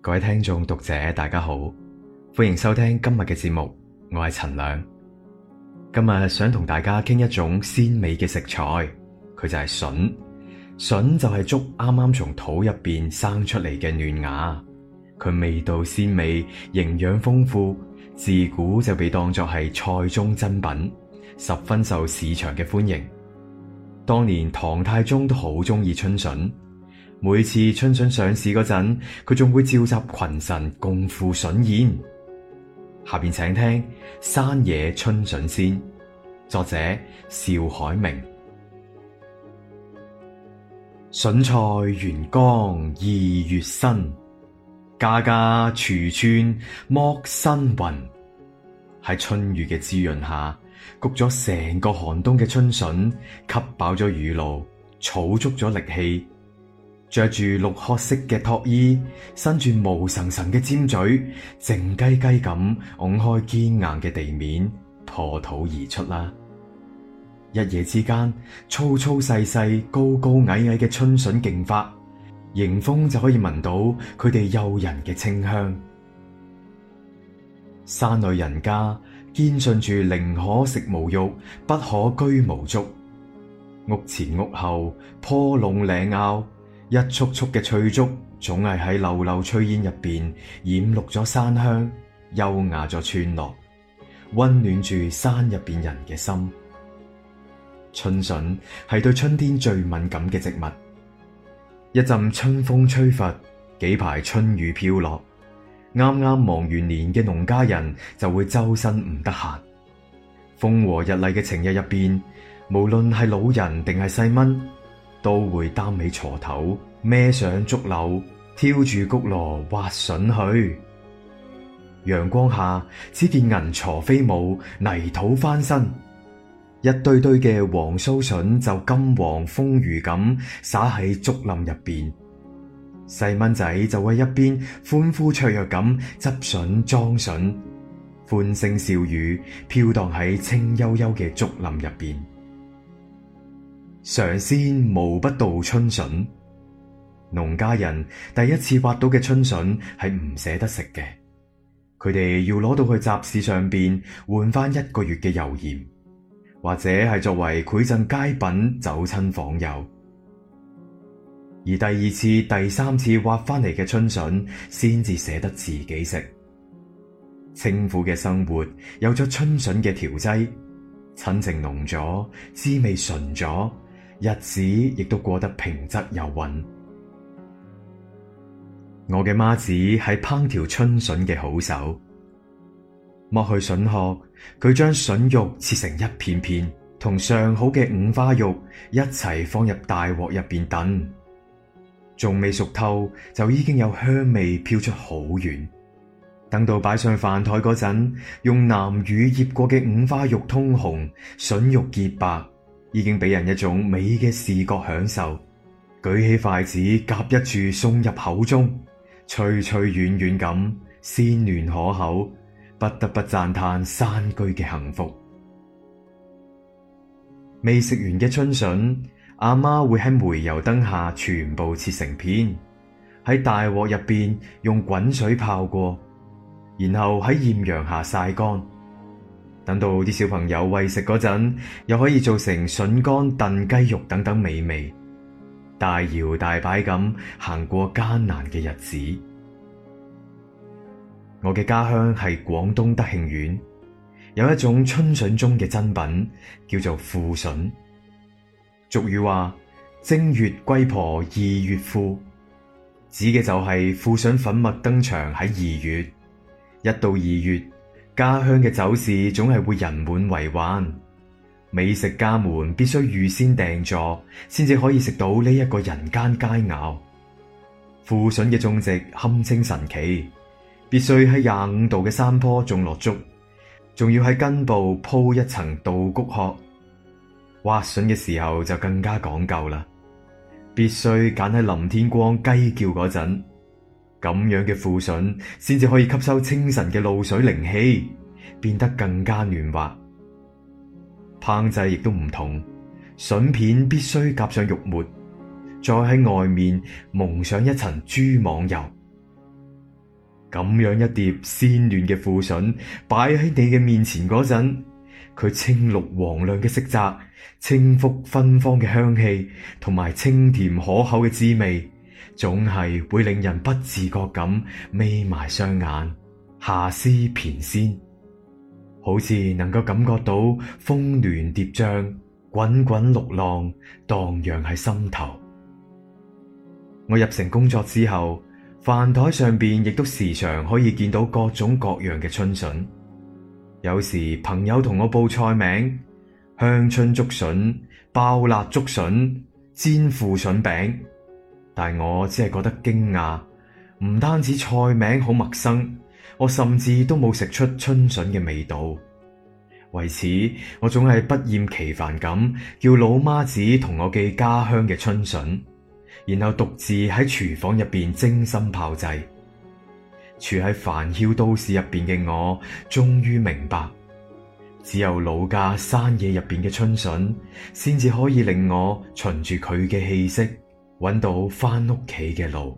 各位聽眾、讀者大家好，歡迎收聽今日嘅節目，我係陳亮。今日想同大家傾一種鮮美嘅食材，佢就係筍。筍就係竹啱啱從土入邊生出嚟嘅嫩芽，佢味道鮮美，營養豐富，自古就被當作係菜中珍品，十分受市場嘅歡迎。當年唐太宗都好鍾意春筍。每次春筍上市嗰陣，佢仲會召集群臣共赴筍宴。下邊請聽《山野春筍》先，作者邵海明。筍菜沿江二月新，家家廚爨剝新筠。喺春雨嘅滋潤下，焗咗成個寒冬嘅春筍，吸飽咗雨露，儲足咗力氣。着住綠褐色嘅籜衣，伸住毛茸茸嘅尖嘴，靜雞雞咁拱開堅硬嘅地面，破土而出啦。一夜之間，粗粗細細、高高矮矮嘅春笋競發，迎風就可以聞到佢哋誘人嘅清香。山裏人家，堅信住「寧可食無肉，不可居無竹」；屋前屋後，坡壟嶺坳。一簇簇嘅翠竹，總係喺縷縷炊煙入邊染綠咗山鄉，優雅咗村落，溫暖住山入邊人嘅心。春筍係對春天最敏感嘅植物，一陣春風吹拂，幾排春雨飄落，啱啱忙完年嘅農家人就會周身唔得閒。風和日麗嘅晴日入邊，無論係老人定係細蚊。都會擔起鋤頭，孭上竹簍，挑住穀籮挖筍去。陽光下只見銀鋤飛舞，泥土翻身，一堆堆嘅黃鬚筍就金黃豐腴咁灑喺竹林入邊。細蚊仔就喺一邊歡呼雀躍咁執筍裝筍，歡聲笑語飄蕩喺清幽幽嘅竹林入邊。嘗鮮無不道春筍，農家人第一次挖到嘅春筍係唔捨得食嘅，佢哋要攞到去集市上邊換翻一個月嘅油鹽，或者係作為饋贈佳品走親訪友。而第二次、第三次挖翻嚟嘅春筍，先至捨得自己食。清苦嘅生活有咗春筍嘅調劑，親情濃咗，滋味醇咗。日子亦都過得平仄有韻。我嘅媽子係烹調春笋嘅好手，剝去笋殼，佢將笋肉切成一片片，同上好嘅五花肉一齊放入大鑊入邊燉。仲未熟透，就已經有香味飄出好遠。等到擺上飯台嗰陣，用南乳醃過嘅五花肉通紅，笋肉潔白。已經俾人一種美嘅視覺享受，舉起筷子夾一箸送入口中，脆脆軟軟咁鮮嫩可口，不得不讚嘆山居嘅幸福。未食完嘅春筍，阿媽，媽會喺煤油燈下全部切成片，喺大鑊入邊用滾水泡過，然後喺艷陽下曬乾。等到啲小朋友餵食嗰陣，又可以做成筍乾燉雞肉等等美味，大搖大擺咁行過艱難嘅日子。我嘅家鄉係廣東德慶縣，有一種春筍中嘅珍品叫做富筍。俗語話：正月龜婆二月富，指嘅就係富筍粉墨登場喺二月，一到二月，家鄉嘅酒肆總係會人滿為患，美食家們必須預先訂座，先至可以食到呢一個人間佳肴。富笋嘅種植堪稱神奇，必須喺廿五度嘅山坡種落竹，仲要喺根部鋪一層稻谷殼。挖笋嘅時候就更加講究啦，必須揀喺林天光雞叫嗰陣。咁樣嘅富笋先至可以吸收清晨嘅露水靈氣，變得更加嫩滑。烹製亦都唔同，筍片必須夾上肉末，再喺外面蒙上一層豬網油。咁樣一碟鮮嫩嘅富笋擺喺你嘅面前嗰陣，佢清綠黃亮嘅色澤，清馥芬芳嘅香氣，同埋清甜可口嘅滋味。總係會令人不自覺咁眯埋雙眼，遐思蹁躚，好似能夠感覺到峰巒疊嶂，滾滾綠浪蕩漾喺心頭。我入城工作之後，飯台上邊亦都時常可以見到各種各樣嘅春筍。有時朋友同我報菜名，香椿竹筍、爆辣竹筍、煎富筍餅。但我只係覺得驚訝，唔單止菜名好陌生，我甚至都冇食出春筍嘅味道。為此，我總係不厭其煩咁叫老媽子同我寄家鄉嘅春筍，然後獨自喺廚房入邊精心炮製。處喺煩囂都市入邊嘅我，終於明白，只有老家山野入邊嘅春筍，先至可以令我循住佢嘅氣息。揾到翻屋企嘅路。